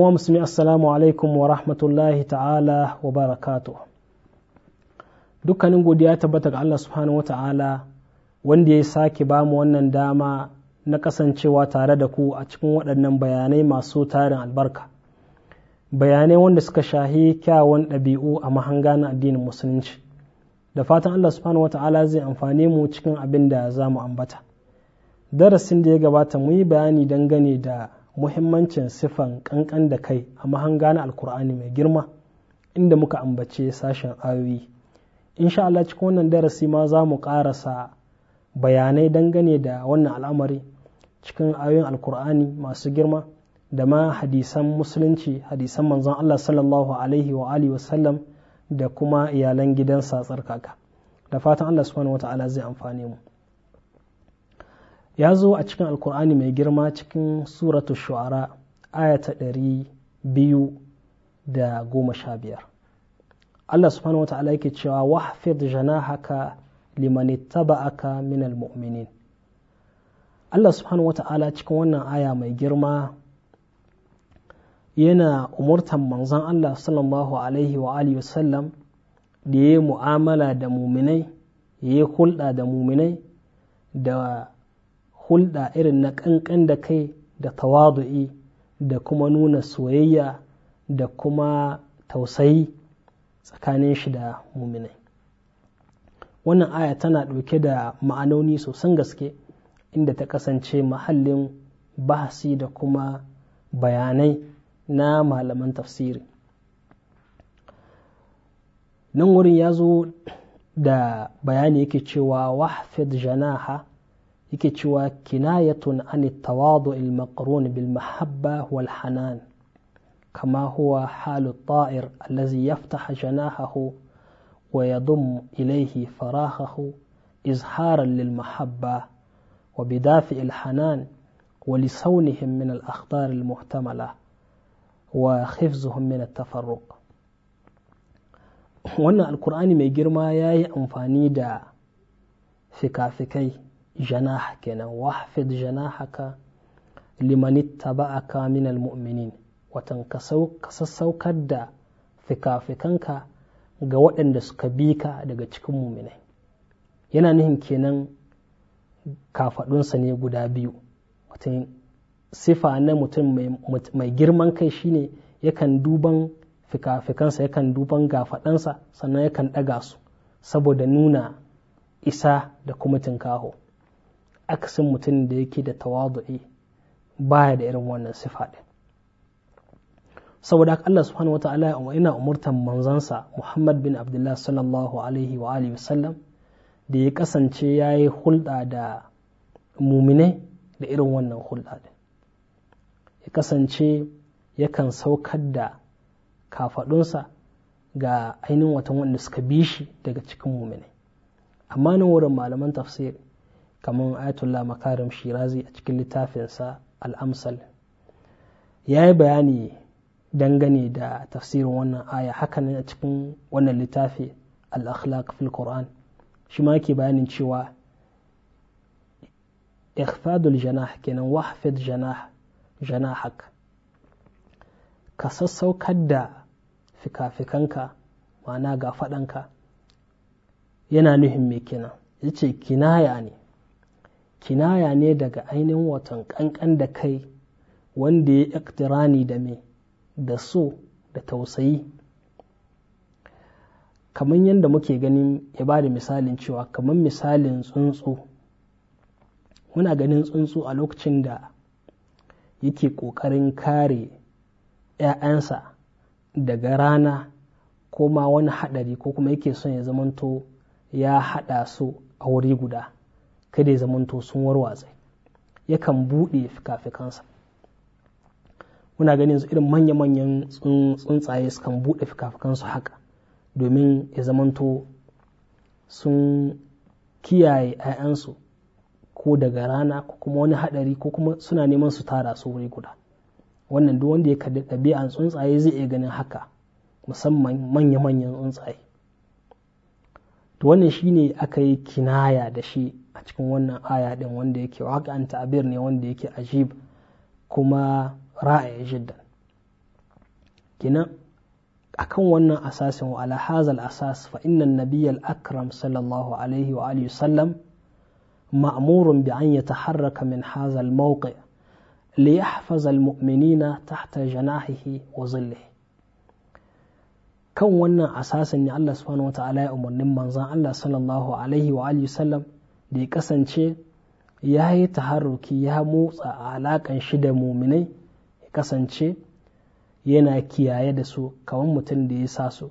wa musulmi assalamu alaikum wa rahmatullahi ta'ala wa barakatu dukkanin godiya tabbata ga Allah subhanahu wa ta'ala wanda ya sake ba mu wannan dama na kasancewa tare da ku a cikin waɗannan bayanai masu tarin albarka bayanai wanda suka shahi kyawun ɗabi'u a mahanga na addinin musulunci da fatan Allah subhanahu wa ta'ala zai amfani mu cikin abin da za mu ambata darasin da ya gabata mu yi bayani dangane da muhimmancin sifan kankan da kai a mahanga na alkur'ani mai girma inda muka ambace sashen ayoyi insha Allah cikin wannan darasi ma za mu karasa bayanai dangane da wannan al'amari cikin ayoyin alkur'ani masu girma da ma hadisan musulunci hadisan manzon Allah sallallahu alaihi wa alihi wasallam da kuma iyalan gidansa tsarkaka da fatan Allah subhanahu ta'ala zai amfane mu ya zo a cikin alkur'ani mai girma cikin suratu shu'ara aya ta ɗari biyu da goma sha biyar Allah subhanahu wa ta'ala yake cewa wahfid janahaka liman aka minal mu'minin Allah subhanahu wa ta'ala cikin wannan aya mai girma yana umurtan manzon Allah sallallahu alaihi wa alihi wasallam da ya yi mu'amala da muminai ya yi hulɗa da muminai da hulɗa irin na ƙanƙan da kai da tawadu'i da kuma nuna soyayya da kuma tausayi tsakanin shi da muminai wannan aya tana ɗauke da ma'anoni sosan gaske inda ta kasance mahallin bahasi da kuma bayanai na malaman tafsiri nan wurin ya zo da bayani yake cewa wahfid janaha yake cewa kinayatun an tawadu al-maqrun bil mahabba wal hanan kama huwa halu ta'ir allazi yaftahu janahahu wa yadum ilayhi farahahu izharan lil mahabba wa bidafi al-hanan ولصونهم من الأخطار المحتملة وخفزهم من التفرق wannan alkur'ani mai girma ya yi amfani da fika-fikai janah kenan wahfid janahaka limanittaba'aka minal mu'minin watan ka sassaukar da fikafikanka ga waɗanda suka bi ka daga cikin muminai yana nuhin kenan kafaɗunsa ne guda biyu watan sifa na mutum mai girman kai shine yakan duban fikafikansa yakan duban gafaɗansa sannan yakan ɗaga su saboda nuna isa da kuma tinkaho akasin mutum da yake da tawadu'i baya da irin wannan sifa din saboda Allah subhanahu wata'ala ina umurtan manzansa Muhammad bin Abdullah sallallahu alaihi wa alihi wasallam da ya kasance yayi hulɗa da mumine da irin wannan hulɗa din ya kasance yakan saukar da kafaɗunsa ga ainihin watan wanda suka bi shi daga cikin mumine amma nan wurin malaman tafsiri kamar ayatollah makarim shirazi a cikin littafinsa al'amsal ya yi bayani dangane da tafsirin wannan aya ne a cikin wannan littafi al fil qur'an shi ma yake bayanin cewa ikhfadul janah kenan wahfid janah janahak ka sassaukar da fikafikanka ma'ana ga faɗanka yana nuhin mai kina yace kinaya ne kinaya ne daga ainihin watan ƙanƙan da kai wanda ya iktirani da me da so da tausayi kamar yadda muke ganin ya ba da misalin cewa kamar misalin tsuntsu muna ganin tsuntsu a lokacin da yake ƙoƙarin kare 'ya'yansa daga rana ko ma wani haɗari ko kuma yake son ya zamanto ya haɗa su a wuri guda kada ya zamanto sun warwatse yakan buɗe fikafikansa muna ganin su irin manya-manyan tsuntsaye sukan buɗe fikafikansu haka domin ya zamanto sun kiyaye 'ya'yansu ko daga rana ko kuma wani haɗari ko kuma suna neman su tara su wuri guda wannan duk wanda ya kalli ɗabi'an tsuntsaye zai iya ganin haka musamman manya-manyan tsuntsaye to wannan shine aka yi kinaya da shi a cikin wannan aya din wanda yake waka an ta'abir ne wanda yake ajib kuma ra'ayi jiddan kinan akan wannan asasin wa ala hazal asas fa inna nabiyyal akram sallallahu alaihi wa alihi sallam ma'murun bi an yataharraka min hazal mawqi' li yahfaz al mu'minina tahta janahihi wa zillihi kan wannan asasin ne Allah subhanahu ta'ala ya umarnin manzan Allah sallallahu alaihi wa alihi sallam da ya kasance ya yi taharruki ya motsa a alakan shi da muminai ya kasance yana kiyaye da su kamar mutum da ya sa su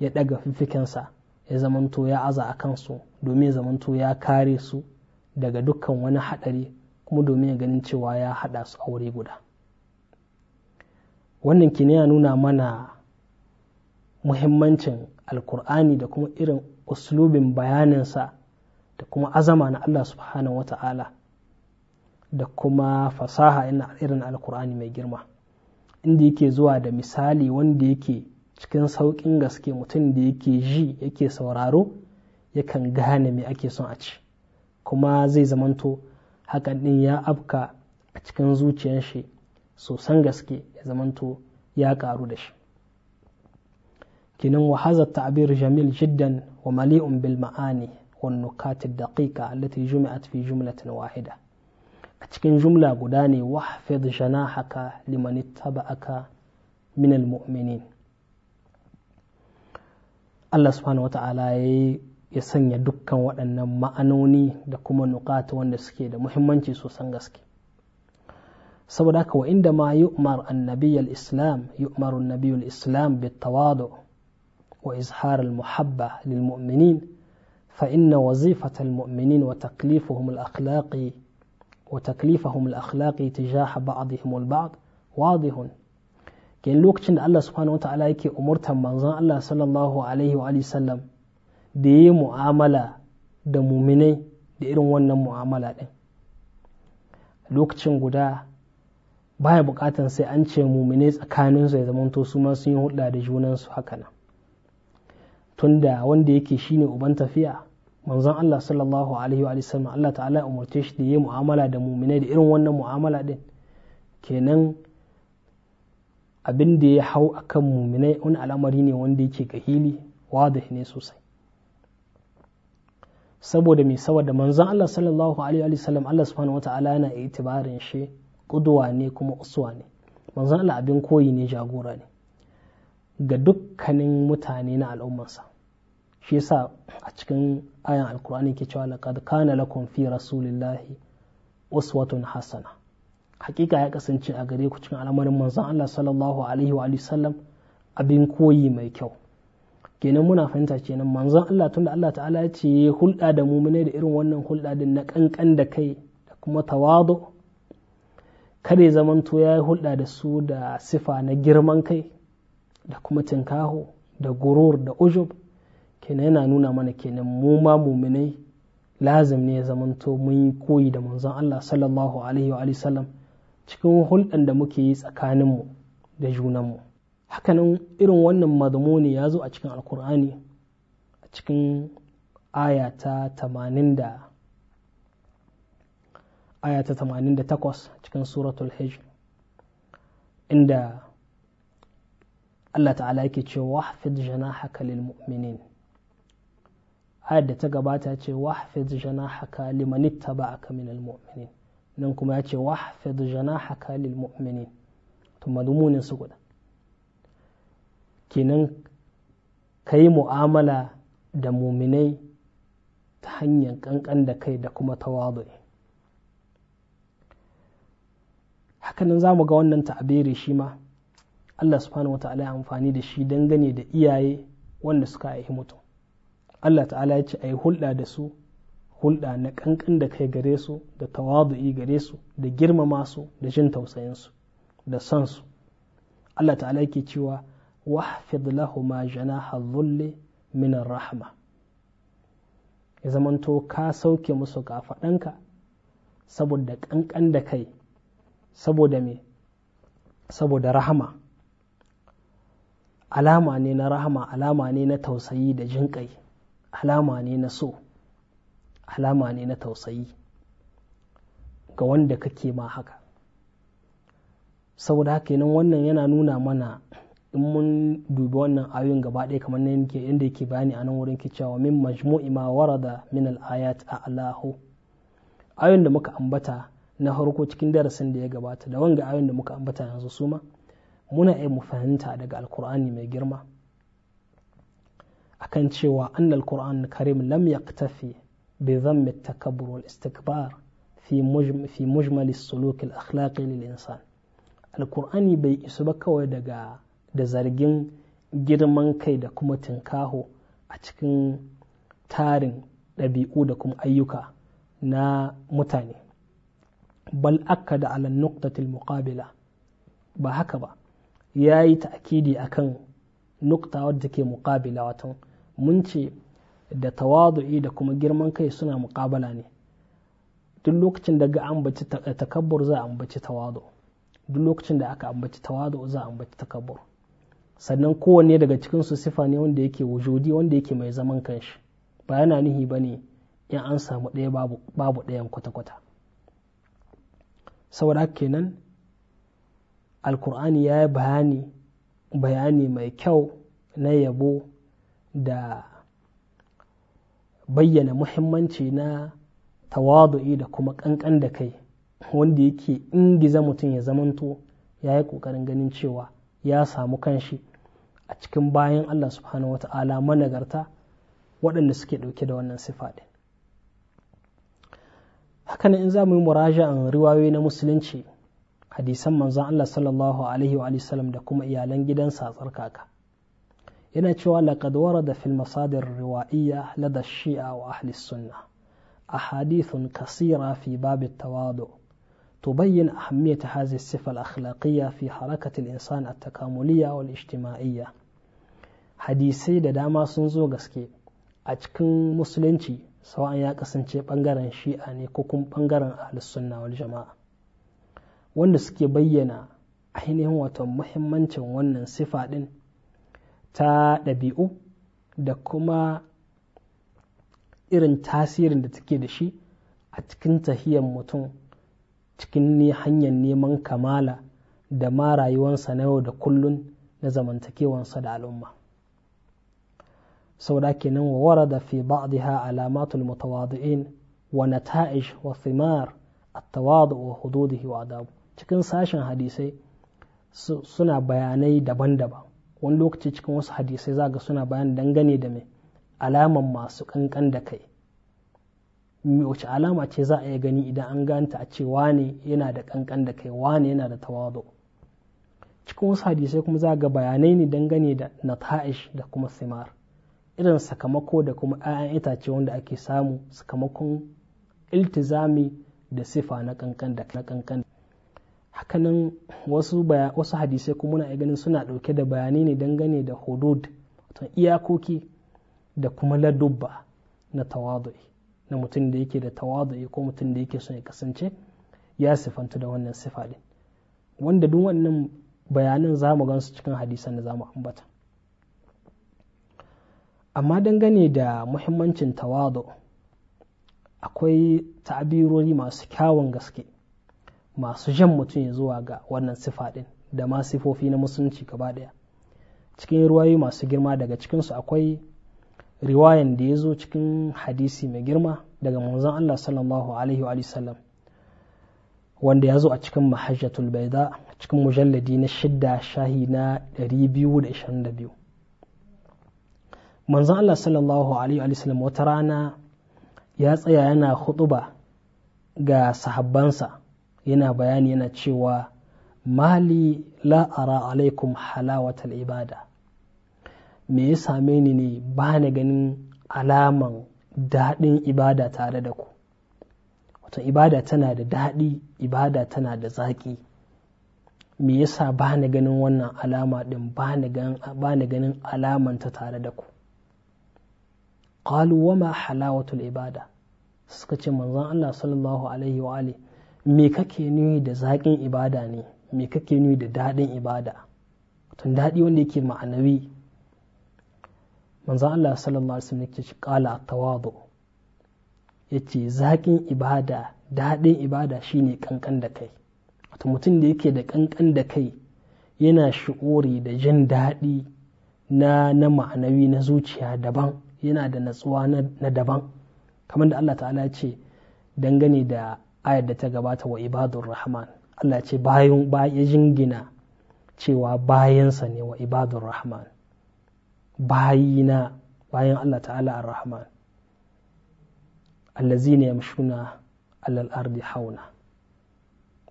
ya ɗaga fifikinsa ya zamanto ya aza a kansu domin zamanto ya kare su daga dukkan wani haɗari kuma domin ya ganin cewa ya haɗa su a wuri guda wannan kine ya nuna mana muhimmancin alkur'ani da kuma irin uslubin bayaninsa da kuma azama na Allah subhanahu wa ta'ala da kuma fasaha irin alkur'ani mai girma inda yake zuwa da misali wanda yake cikin sauƙin gaske mutum da yake ji yake sauraro yakan gane me ake son a ci kuma zai zamanto hakan ɗin ya afka a cikin zuciyar shi sosan gaske ya zamanto ya ƙaru da shi Kinin wa ta'abir jamil jiddan wa mali'un bil ma'ani والنكات الدقيقة التي جمعت في جملة واحدة أتكن جملة قداني واحفظ جناحك لمن اتبعك من المؤمنين الله سبحانه وتعالى ya sanya dukkan waɗannan ma'anoni da kuma nukata wanda suke da muhimmanci sosan gaske saboda haka wa inda ma yu'mar annabiyul islam yu'maru annabiyul islam bit tawadu wa izhar muhabba lil mu'minin فإن وظيفة المؤمنين وتكليفهم الأخلاقي وتكليفهم الأخلاقي تجاه بعضهم البعض واضح ken lokacin da Allah subhanahu wata'ala yake umurtan manzon Allah sallallahu wa sallam da yi mu'amala da muminai da irin wannan mu'amala ɗin lokacin guda baya bukatan sai an ce muminai tsakaninsu ya zamanto su ma sun yi hulɗa da junansu haka nan tunda wanda yake shi ne uban tafiya manzon Allah sallallahu alaihi wa sallam Allah ta'ala ya umarce shi da yi mu'amala da muminai da irin wannan mu'amala din kenan abin da ya hau akan muminai wani al'amari ne wanda yake kahili wadih ne sosai saboda mai saboda manzon Allah sallallahu alaihi wa sallam Allah subhanahu wata'ala yana itibarin shi kuduwa ne kuma uswa ne manzon Allah abin koyi ne jagora ne ga dukkanin mutane na al'ummarsa shi yasa a cikin ayan alkur'ani ke cewa laqad kana lakum fi rasulillahi uswatun hasana hakika ya kasance a gare ku cikin al'amarin manzon Allah sallallahu alaihi wa sallam abin koyi mai kyau kenan muna fahimta kenan manzon Allah tunda Allah ta'ala ya ce hulɗa da mumune da irin wannan hulɗa din na kankan da kai da kuma tawadu kare zamanto ya yi hulɗa da su da sifa na girman kai da kuma tinkaho da gurur da ujub kenan yana nuna mana kenan mu ma muminai lazim ne ya zamanto mun yi koyi da manzon Allah sallallahu alaihi wa sallam cikin hulɗan da muke yi tsakanin mu da junanmu hakanan irin wannan mazmuni ya zo a cikin alkur'ani a cikin aya ta 80 aya ta 88 cikin suratul hijr inda Allah ta'ala yake cewa wahfid janahaka lilmu'minin mu'minin ayar da ta gabata ce jana limanit ta ba a minal mu'minin nan kuma ya ce jana haka lil mu'minin to madumunin su guda kenan kai mu'amala da muminai ta hanyar kankan da kai da kuma tawadu hakanan za mu ga wannan ta'abiri shi ma Allah subhanahu wata'ala ya amfani da shi dangane da iyaye wanda suka aihi mutum Allah ta'ala ya ce a yi hulɗa da su hulɗa na ƙanƙan da kai gare su da tawadu'i gare su da girmama su da jin tausayin su da son su Allah ta'ala yake cewa wahfid lahuma janaha dhulli min rahma ya zamanto ka sauke musu kafaɗanka saboda ƙanƙan da kai saboda me saboda rahama alama ne na rahma alama ne na tausayi da jinƙai alama ne na so alama ne na tausayi ga wanda kake ma haka saboda haka nan wannan yana nuna mana in mun dubi wannan ayoyin gaba ɗaya kamar yadda inda yake bayani a nan wurin ke cewa min majmu'i ma da min al'ayat a Allahu ayoyin da muka ambata na harko cikin darasin da ya gabata da wanga ayoyin da muka ambata yanzu suma muna iya mu fahimta daga alkur'ani mai girma akan cewa annal qur'an karim lam yaktafi bi dhammi takabbur wal istikbar fi mujm fi mujmal as-suluk al-akhlaqi lil insan alqur'ani bai isu ba kawai daga da zargin girman kai da kuma tinkaho a cikin tarin ɗabi'u da kuma ayyuka na mutane bal akka da ala nuktatil muqabila ba haka ba ya yi ta'akidi akan nukta wadda ke muqabila watan mun ce da tawadu'i da kuma girman kai suna muƙabala ne duk lokacin da ga ambaci takabbur za a ambaci tawadu duk lokacin da aka ambaci tawadu za a ambaci takabbur sannan kowanne daga cikin su sifa ne wanda yake wujudi wanda yake mai zaman kanshi ba yana nihi bane in an samu ɗaya babu ɗayan kwata-kwata saboda kenan alkur'ani ya yi bayani bayani mai kyau na yabo da bayyana muhimmanci na tawadu'i da kuma ƙanƙan da kai wanda yake ingiza mutum ya zamanto ya yi ƙoƙarin ganin cewa ya samu kanshi a cikin bayan Allah subhanahu ta'ala managarta waɗanda suke ɗauke da wannan sifa ɗin hakanan in za mu yi muraja'an riwayoyi na musulunci hadisan manzon Allah sallallahu alaihi wa sallam da kuma iyalan gidansa tsarkaka yana cewa laqad warada fil masadir riwa'iyya lada shi'a wa ahli sunnah ahadithun kasira fi bab at-tawadu تبين أهمية fi الصفة الأخلاقية insan حركة takamuliyya wal ijtima'iyya hadisai da dama sun zo gaske a cikin musulunci an ya kasance ɓangaren shi'a ne ko kuma ɓangaren sunna wal jama'a wanda suke bayyana ainihin wato muhimmancin wannan sifa ɗin ta ɗabi'u da kuma irin tasirin da take da shi a cikin tahiyan mutum cikin hanyar neman kamala da ma rayuwarsa na yau da kullun na zamantakewarsa da al'umma Sau saboda kenan wa da fi ha alamatul mutawadi'in wa nata'ish wa thimar at-tawadu wa hududihi wa adabu cikin sashen hadisai suna bayanai daban-daban wani lokaci cikin wasu hadisai za ga suna bayan dangane da mai alaman masu kankan da kai wace alama ce za a yi gani idan an ganta a ce wane yana da kankan da kai wane yana da tawadu cikin wasu hadisai kuma za ga bayanai ne dangane da nata'ish da kuma simar irin sakamako da kuma 'ya'yan itace wanda ake samu sakamakon iltizami da sifa na kankan da akanan wasu wasu hadisai kuma muna ganin suna ɗauke da bayanai ne dangane da hudud wato iyakoki da kuma ladubba na tawadu'i na mutum da yake da tawadu'i ko mutum da yake son ya kasance ya sifanta da wannan sifa din wanda duk wannan bayanan za mu gansu cikin hadisan da za mu ambata amma dangane da muhimmancin tawadu akwai ta'abirori masu kyawun gaske masu jan mutum ya zuwa ga wannan sifa ɗin da ma sifofi na musulunci gaba ɗaya cikin ruwayoyi masu girma daga cikinsu akwai riwayan da ya zo cikin hadisi mai girma daga manzon Allah sallallahu alaihi wa sallam wanda ya zo a cikin mahajjatul baida cikin mujalladi na shidda shahi na 222 manzon Allah sallallahu alaihi wa sallam wata rana ya tsaya yana huɗuba ga sahabbansa yana bayani yana cewa mali la'ara alaikum halawatal ibada me ya same ni ne ba na ganin alaman daɗin ibada tare da ku wato ibada tana da daɗi ibada tana da zaƙi me yasa ba na ganin wannan alama ɗin ba na ganin alamanta tare da ku ƙaluwa wama halawatul ibada suka ce manzon Allah sallallahu alaihi wa alihi me kake nuni da zaƙin ibada ne me kake nuni da daɗin ibada tun daɗi wanda yake ma'anawi manzan Allah sallallahu alaihi wasallam yake kala tawadu yace zaƙin ibada daɗin ibada shine ƙanƙan da kai wato mutum da yake da ƙanƙan da kai yana shi'uri da jin daɗi na na ma'anawi na zuciya daban yana da natsuwa na daban kamar da Allah ta'ala ce dangane da ayar da ta gabata wa ibadur rahman Allah ce bayan ya jingina cewa bayansa ne wa ibadur rahman bayina bayan Allah ta'ala ar-rahman allazina yamshuna alal ardi hauna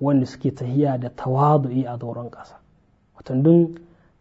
wanda suke tahiya da tawadu'i a doron ƙasa watandun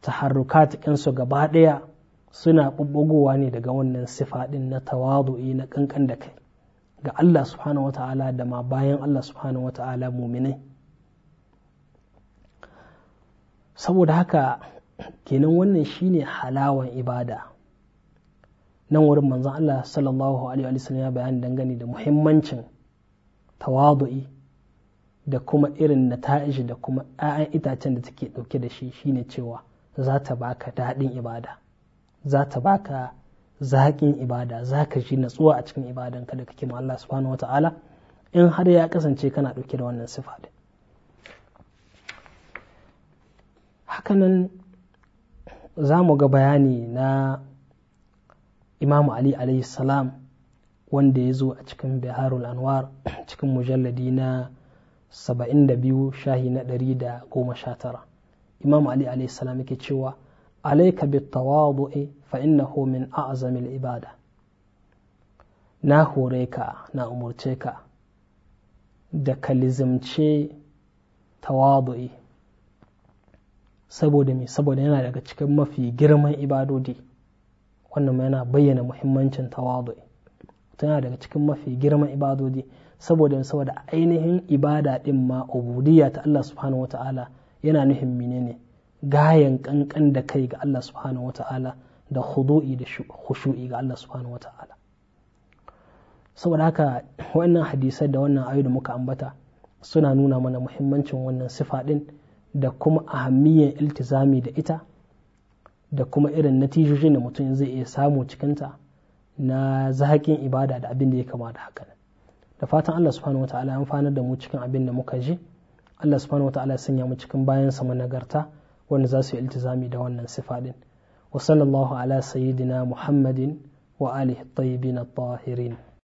taharrukat ɗinsu gaba ɗaya suna ɓuɓɓugowa ne daga wannan sifaɗin na tawadu'i na ƙanƙan da kai ga Allah subhanahu wata'ala da ma bayan Allah subhanahu wata'ala muminai saboda haka kenan wannan shine halawan ibada nan wurin manzon Allah sallallahu alaihi wa sallam ya bayani dangane da muhimmancin tawadu'i da kuma irin ta'ishi da kuma 'ya'yan itacen da take dauke da shi shine cewa za ta baka daɗin ibada za ta baka zaƙin ibada za ka ji natsuwa a cikin ibadanka da kake ma Allah subhanahu wa ta'ala in har ya kasance kana ɗauke da wannan sifa Haka hakanan za mu ga bayani na Imam ali alayhi salam wanda ya zo a cikin biharul anwar cikin mujalladi na 72 shahi na 119 imamu ali alayhi salam yake cewa alaika بالتواضع fa innahu min a'zamil ibada na hore ka na umurce ka da kalizimce tawadu'i saboda me saboda yana daga cikin mafi girman ibadodi wannan yana bayyana muhimmancin tawadu'i tana daga cikin mafi girman ibadodi saboda saboda ainihin ibada din ma ubudiyya ta Allah subhanahu wata'ala yana nuhin ne. gayan kankan da kai ga Allah subhanahu wata'ala da khudu'i da khushu'i ga Allah subhanahu wata'ala saboda haka wannan hadisai da wannan ayu da muka ambata suna nuna mana muhimmancin wannan sifa din da kuma ahammiyar iltizami da ita da kuma irin natijojin da mutum zai iya samu cikinta na zahakin ibada da abin da ya kama da haka da fatan Allah subhanahu wa ya amfanar da mu cikin abin da muka ji Allah subhanahu wa ya sanya mu cikin bayan sa nagarta wanda za su yi iltizami da wannan sifa din wa sallallahu ala sayyidina muhammadin wa alihi tayyibin at-tahirin